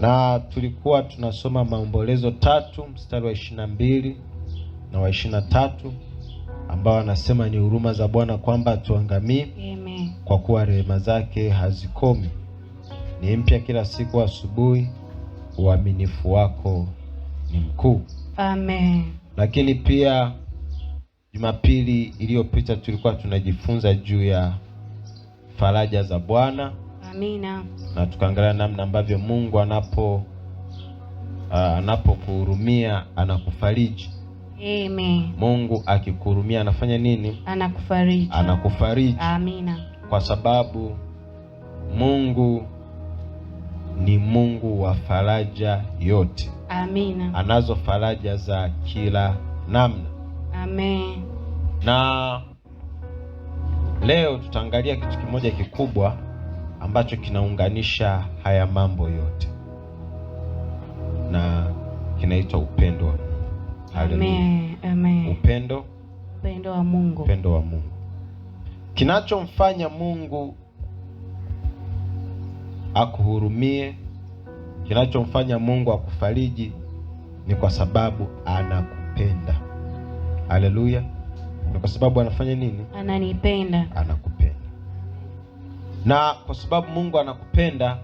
na tulikuwa tunasoma Maombolezo tatu mstari wa ishirini na mbili na wa ishirini na tatu ambao anasema ni huruma za Bwana kwamba tuangamii kwa kuwa rehema zake hazikomi, ni mpya kila siku asubuhi, uaminifu wako ni mkuu. Amen. Lakini pia Jumapili iliyopita tulikuwa tunajifunza juu ya faraja za Bwana. Amina. Na tukaangalia namna ambavyo Mungu anapo uh, anapokuhurumia anakufariji. Amen. Mungu akikuhurumia anafanya nini? Anakufariji. Anakufariji. Amina. Kwa sababu Mungu ni Mungu wa faraja yote. Amina. Anazo faraja za kila namna. Amen. Na leo tutaangalia kitu kimoja kikubwa ambacho kinaunganisha haya mambo yote na kinaitwa upendo wa Mungu. Amen, amen. Upendo, upendo wa Mungu, upendo wa Mungu. Kinachomfanya Mungu akuhurumie, kinachomfanya Mungu akufariji ni kwa sababu anakupenda. Haleluya! Ni kwa sababu anafanya nini? Ananipenda, anakupenda na kwa sababu Mungu anakupenda,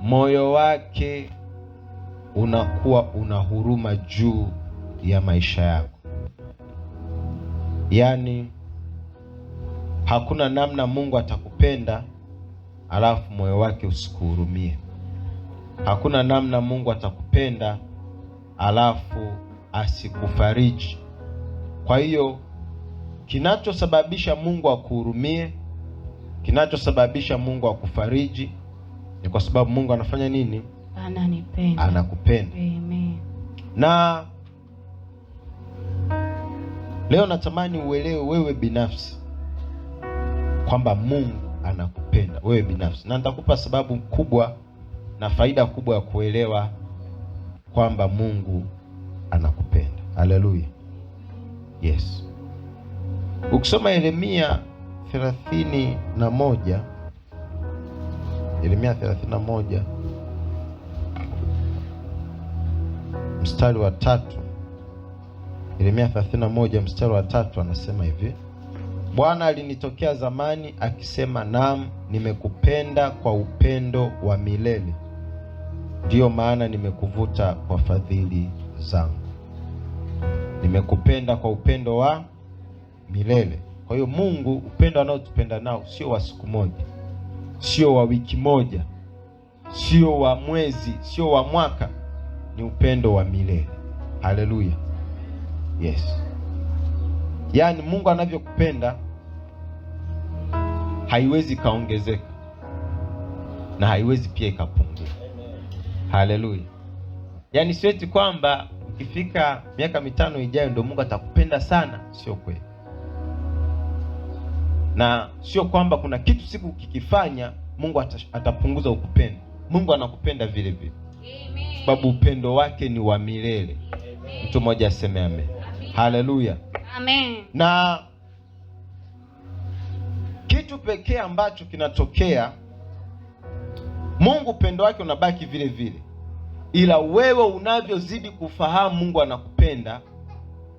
moyo wake unakuwa una huruma juu ya maisha yako. Yaani hakuna namna Mungu atakupenda alafu moyo wake usikuhurumie. Hakuna namna Mungu atakupenda alafu asikufariji. Kwa hiyo kinachosababisha Mungu akuhurumie Kinachosababisha Mungu akufariji ni kwa sababu Mungu anafanya nini? Ananipenda, anakupenda. Amen. Na leo natamani uelewe wewe binafsi kwamba Mungu anakupenda wewe binafsi, na nitakupa sababu kubwa na faida kubwa ya kuelewa kwamba Mungu anakupenda. Haleluya, yes. Ukisoma Yeremia thelathini na moja Yeremia thelathini na moja mstari wa tatu Yeremia thelathini na moja mstari wa tatu anasema hivi: Bwana alinitokea zamani akisema, naam, nimekupenda kwa upendo wa milele, ndiyo maana nimekuvuta kwa fadhili zangu. Nimekupenda kwa upendo wa milele. Kwa hiyo Mungu, upendo anaotupenda nao sio wa siku moja, sio wa wiki moja, sio wa mwezi, sio wa mwaka, ni upendo wa milele. Haleluya, yes. Yaani Mungu anavyokupenda haiwezi ikaongezeka na haiwezi pia ikapungua. Haleluya, yaani siweti kwamba ukifika miaka mitano ijayo ndio Mungu atakupenda sana, sio kweli na sio kwamba kuna kitu siku kikifanya Mungu atapunguza ukupenda. Mungu anakupenda vile vile, sababu upendo wake ni wa milele. Mtu mmoja aseme amen. Haleluya, Na kitu pekee ambacho kinatokea, Mungu upendo wake unabaki vile vile, ila wewe unavyozidi kufahamu Mungu anakupenda,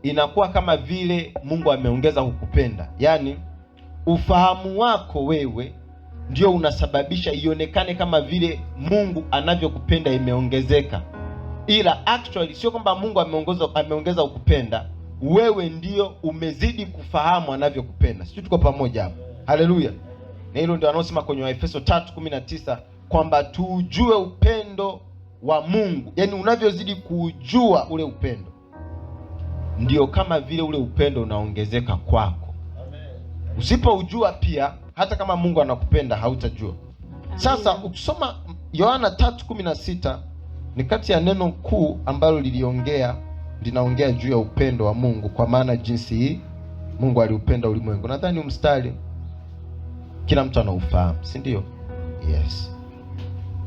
inakuwa kama vile Mungu ameongeza kukupenda, yaani ufahamu wako wewe ndio unasababisha ionekane kama vile Mungu anavyokupenda imeongezeka, ila actually sio kwamba Mungu ameongeza ameongeza ukupenda wewe, ndio umezidi kufahamu anavyokupenda. Sisi tuko pamoja hapo, haleluya. Na hilo ndio anaosema kwenye Waefeso 3:19 kwamba tuujue upendo wa Mungu, yaani unavyozidi kuujua ule upendo, ndio kama vile ule upendo unaongezeka kwako. Usipoujua pia, hata kama Mungu anakupenda hautajua. Sasa ukisoma Yohana 3:16 ni kati ya neno kuu ambalo liliongea linaongea juu ya upendo wa Mungu, kwa maana jinsi hii Mungu aliupenda ulimwengu. Nadhani mstari kila mtu anaufahamu, si ndio? Yes,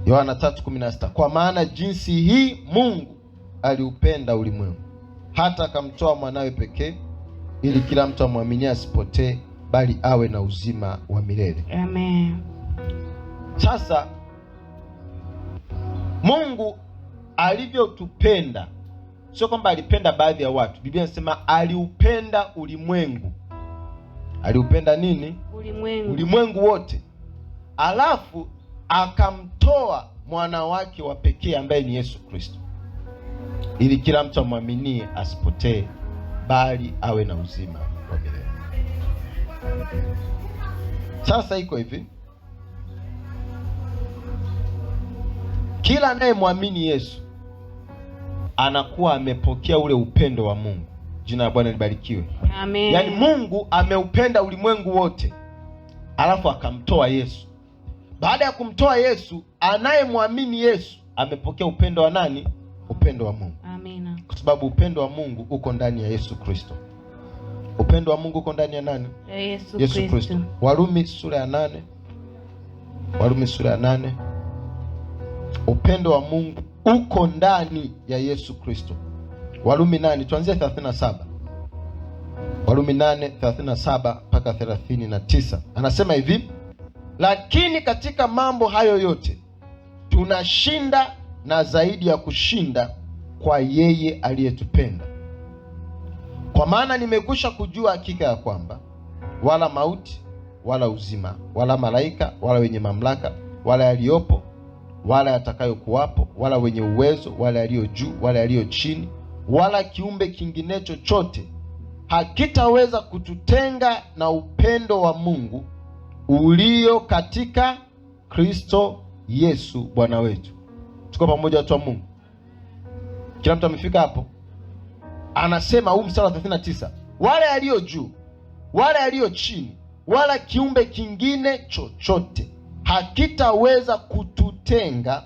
Yohana 3:16, kwa maana jinsi hii Mungu aliupenda ulimwengu hata akamtoa mwanawe pekee, ili kila mtu amwaminie asipotee bali awe na uzima wa milele. Amen. Sasa Mungu alivyotupenda, sio kwamba alipenda baadhi ya watu. Biblia inasema aliupenda ulimwengu. Aliupenda nini? Ulimwengu, ulimwengu wote, alafu akamtoa mwana wake wa pekee ambaye ni Yesu Kristo, ili kila mtu amwaminie asipotee, bali awe na uzima wa milele. Sasa iko hivi, kila anayemwamini Yesu anakuwa amepokea ule upendo wa Mungu. Jina la Bwana libarikiwe. Amen. Yaani Mungu ameupenda ulimwengu wote, alafu akamtoa Yesu. Baada ya kumtoa Yesu, anayemwamini Yesu amepokea upendo wa nani? Upendo wa Mungu. Amina. Kwa sababu upendo wa Mungu uko ndani ya Yesu Kristo. Upendo wa Mungu uko ndani ya nani? Yesu, Yesu Kristo. Warumi sura ya nane. Warumi sura ya nane. Upendo wa Mungu uko ndani ya Yesu Kristo. Warumi nane, tuanzie 37. Warumi 837 mpaka 39. Anasema hivi, lakini katika mambo hayo yote tunashinda na zaidi ya kushinda kwa yeye aliyetupenda. Kwa maana nimekwisha kujua hakika ya kwamba wala mauti wala uzima wala malaika wala wenye mamlaka wala yaliyopo wala yatakayokuwapo wala wenye uwezo wala yaliyo juu wala yaliyo chini wala kiumbe kingine chochote hakitaweza kututenga na upendo wa Mungu ulio katika Kristo Yesu Bwana wetu. Tuko pamoja, watu wa Mungu? Kila mtu amefika hapo? anasema huu mstari wa 39, wale aliyo juu wale aliyo chini wala kiumbe kingine chochote hakitaweza kututenga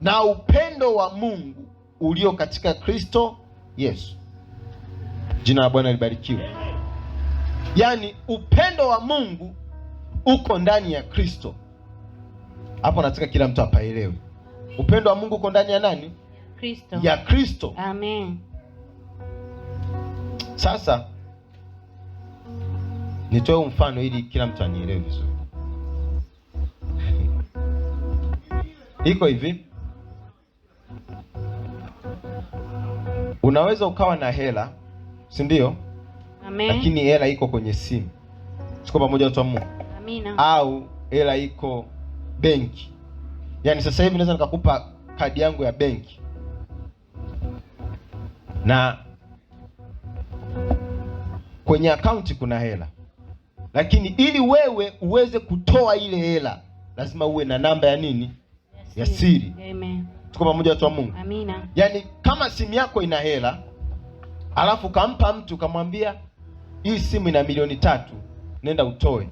na upendo wa Mungu ulio katika Kristo Yesu. Jina la Bwana libarikiwe. Yaani upendo wa Mungu uko ndani ya Kristo. Hapo nataka kila mtu apaelewe. Upendo wa Mungu uko ndani ya nani? Kristo. Ya Kristo. Amen. Sasa nitoe mfano ili kila mtu anielewe vizuri. Iko hivi, unaweza ukawa na hela, si ndio? Amen. Lakini hela iko kwenye simu, siko pamoja, watu wa Mungu. Amina. Au hela iko benki, yaani sasa hivi naweza nikakupa kadi yangu ya benki na kwenye akaunti kuna hela, lakini ili wewe uweze kutoa ile hela lazima uwe na namba ya nini, ya siri. Amen. Tuko pamoja watu wa Mungu. Amina. Yaani kama simu yako ina hela alafu kampa mtu kamwambia, hii simu ina milioni tatu, nenda utoe,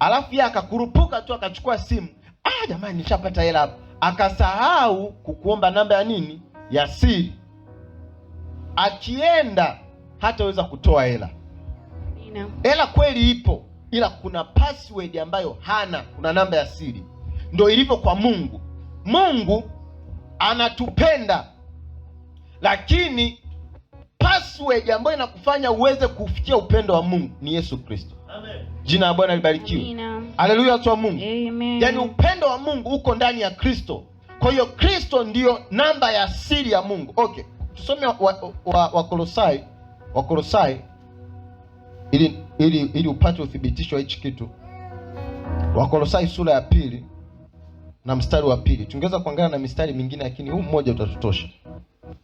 alafu yeye akakurupuka tu akachukua simu, ah, jamani nishapata hela hapa, akasahau kukuomba namba ya nini, ya siri. Akienda hataweza kutoa hela. Hela kweli ipo, ila kuna password ambayo hana, kuna namba ya siri. Ndio ilivyo kwa Mungu. Mungu anatupenda, lakini password ambayo inakufanya uweze kufikia upendo wa Mungu ni Yesu Kristo. Amen. Jina la Bwana libarikiwe. Haleluya, watu wa Mungu. Amen. Yaani upendo wa Mungu uko ndani ya Kristo. Kwa hiyo Kristo ndiyo namba ya siri ya Mungu. Okay, tusome wa, wa, wa, wa Wakolosai ili, ili, ili upate uthibitisho wa hichi kitu. Wakolosai sura ya pili na mstari wa pili. Tungeweza kuangalia na mistari mingine, lakini huu mmoja utatutosha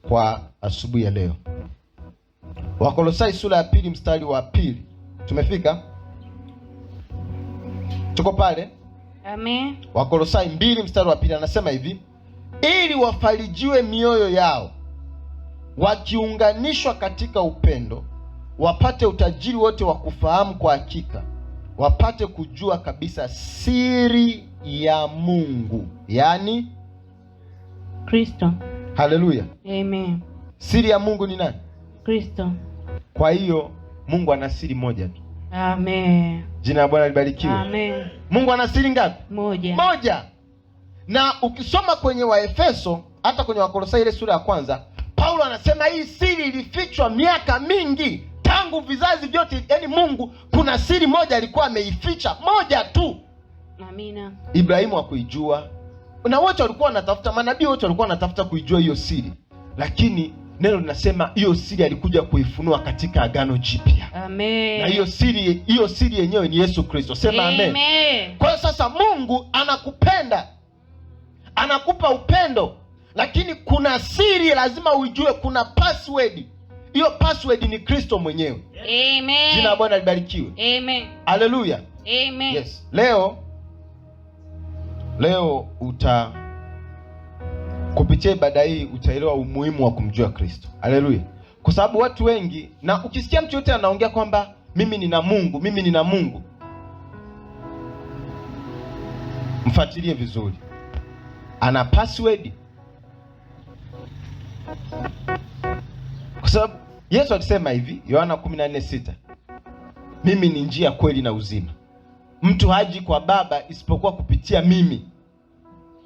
kwa asubuhi ya leo. Wakolosai sura ya pili mstari wa pili. Tumefika? Tuko pale? Amen. Wakolosai mbili mstari wa pili anasema hivi, ili wafarijiwe mioyo yao wakiunganishwa katika upendo, wapate utajiri wote wa kufahamu kwa hakika, wapate kujua kabisa siri ya Mungu, yaani Kristo. Haleluya, amen. Siri ya Mungu ni nani? Kristo. Kwa hiyo Mungu ana siri moja tu. Amen. Jina la Bwana libarikiwe. Amen. Mungu ana siri ngapi? Moja. Moja. Na ukisoma kwenye Waefeso hata kwenye Wakolosai ile sura ya kwanza anasema hii siri ilifichwa miaka mingi, tangu vizazi vyote. Yaani Mungu kuna siri moja alikuwa ameificha, moja tu. Amina. Ibrahimu hakuijua, na wote walikuwa wanatafuta, manabii wote walikuwa wanatafuta kuijua hiyo siri, lakini neno linasema hiyo siri alikuja kuifunua katika Agano Jipya. Amen. Na hiyo siri, hiyo siri yenyewe ni Yesu Kristo. Sema amen. Kwa hiyo sasa Mungu anakupenda, anakupa upendo lakini kuna siri lazima ujue, kuna password. Hiyo password ni Kristo mwenyewe. Amen. Jina la Bwana libarikiwe. Amen. Haleluya. Amen. Yes. Leo leo uta kupitia ibada hii utaelewa umuhimu wa kumjua Kristo. Haleluya. Kwa sababu watu wengi, na ukisikia mtu yote anaongea kwamba mimi nina Mungu, mimi nina Mungu, mfuatilie vizuri, ana password kwa sababu Yesu alisema hivi, Yohana 14:6, mimi ni njia, kweli na uzima, mtu haji kwa Baba isipokuwa kupitia mimi.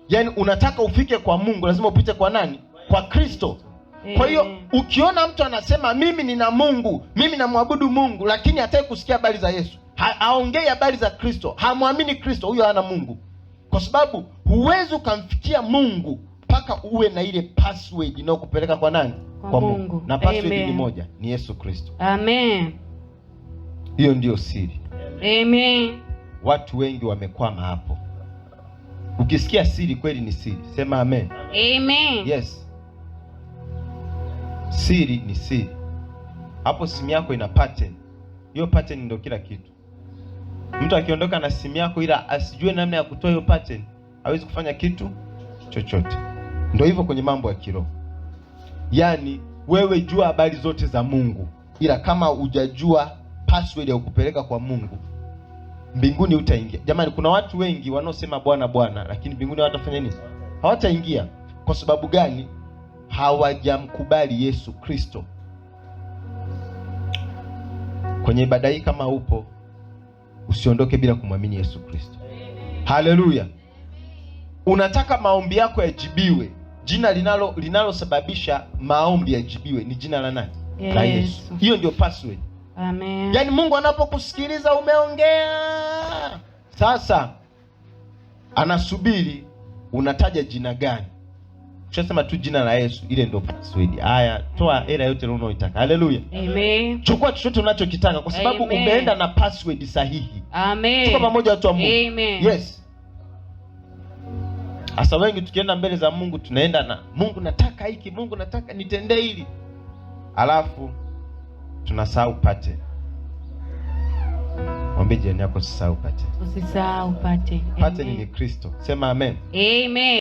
Yaani unataka ufike kwa Mungu lazima upite kwa nani? Kwa Kristo. Kwa hiyo ukiona mtu anasema mimi nina Mungu, mimi namwabudu Mungu, lakini hataki kusikia habari za Yesu, haongei habari za Kristo, hamwamini Kristo, huyo hana Mungu, kwa sababu huwezi ukamfikia Mungu mpaka uwe na ile password inayokupeleka kwa nani? Kwa, kwa Mungu. Mungu. Na password ni moja, ni Yesu Kristo. Amen. Hiyo ndiyo siri. Amen. Watu wengi wamekwama hapo. Ukisikia siri kweli ni siri, sema amen. Amen. Yes, siri ni siri. Hapo simu yako ina pattern. Hiyo pattern ndio kila kitu. Mtu akiondoka na simu yako ila asijue namna ya kutoa hiyo pattern, hawezi kufanya kitu chochote. Ndio hivyo kwenye mambo ya kiroho, yaani wewe jua habari zote za Mungu, ila kama hujajua password ya kukupeleka kwa Mungu mbinguni utaingia. Jamani, kuna watu wengi wanaosema Bwana Bwana, lakini mbinguni hawatafanya nini? Hawataingia. Kwa sababu gani? Hawajamkubali Yesu Kristo. Kwenye ibada hii kama upo, usiondoke bila kumwamini Yesu Kristo. Haleluya! Unataka maombi yako yajibiwe jina linalo linalosababisha maombi yajibiwe ni jina la nani? La Yesu. Hiyo ndio password. Amen. Yaani Mungu anapokusikiliza umeongea, sasa anasubiri unataja jina gani? Ushasema tu jina la Yesu, ile ndio password. Haya, toa hela yote unayoitaka. Haleluya. Amen. Chukua chochote unachokitaka kwa sababu Amen. Umeenda na password sahihi. Amen. Tuko pamoja watu wa Mungu. Amen. Yes. Hasa wengi tukienda mbele za Mungu tunaenda na Mungu, nataka hiki, Mungu nataka nitendee hili, alafu tunasahau pate. Mwambie jirani yako usisahau pate, usisahau pate. Pate ni Kristo, sema amen, amen.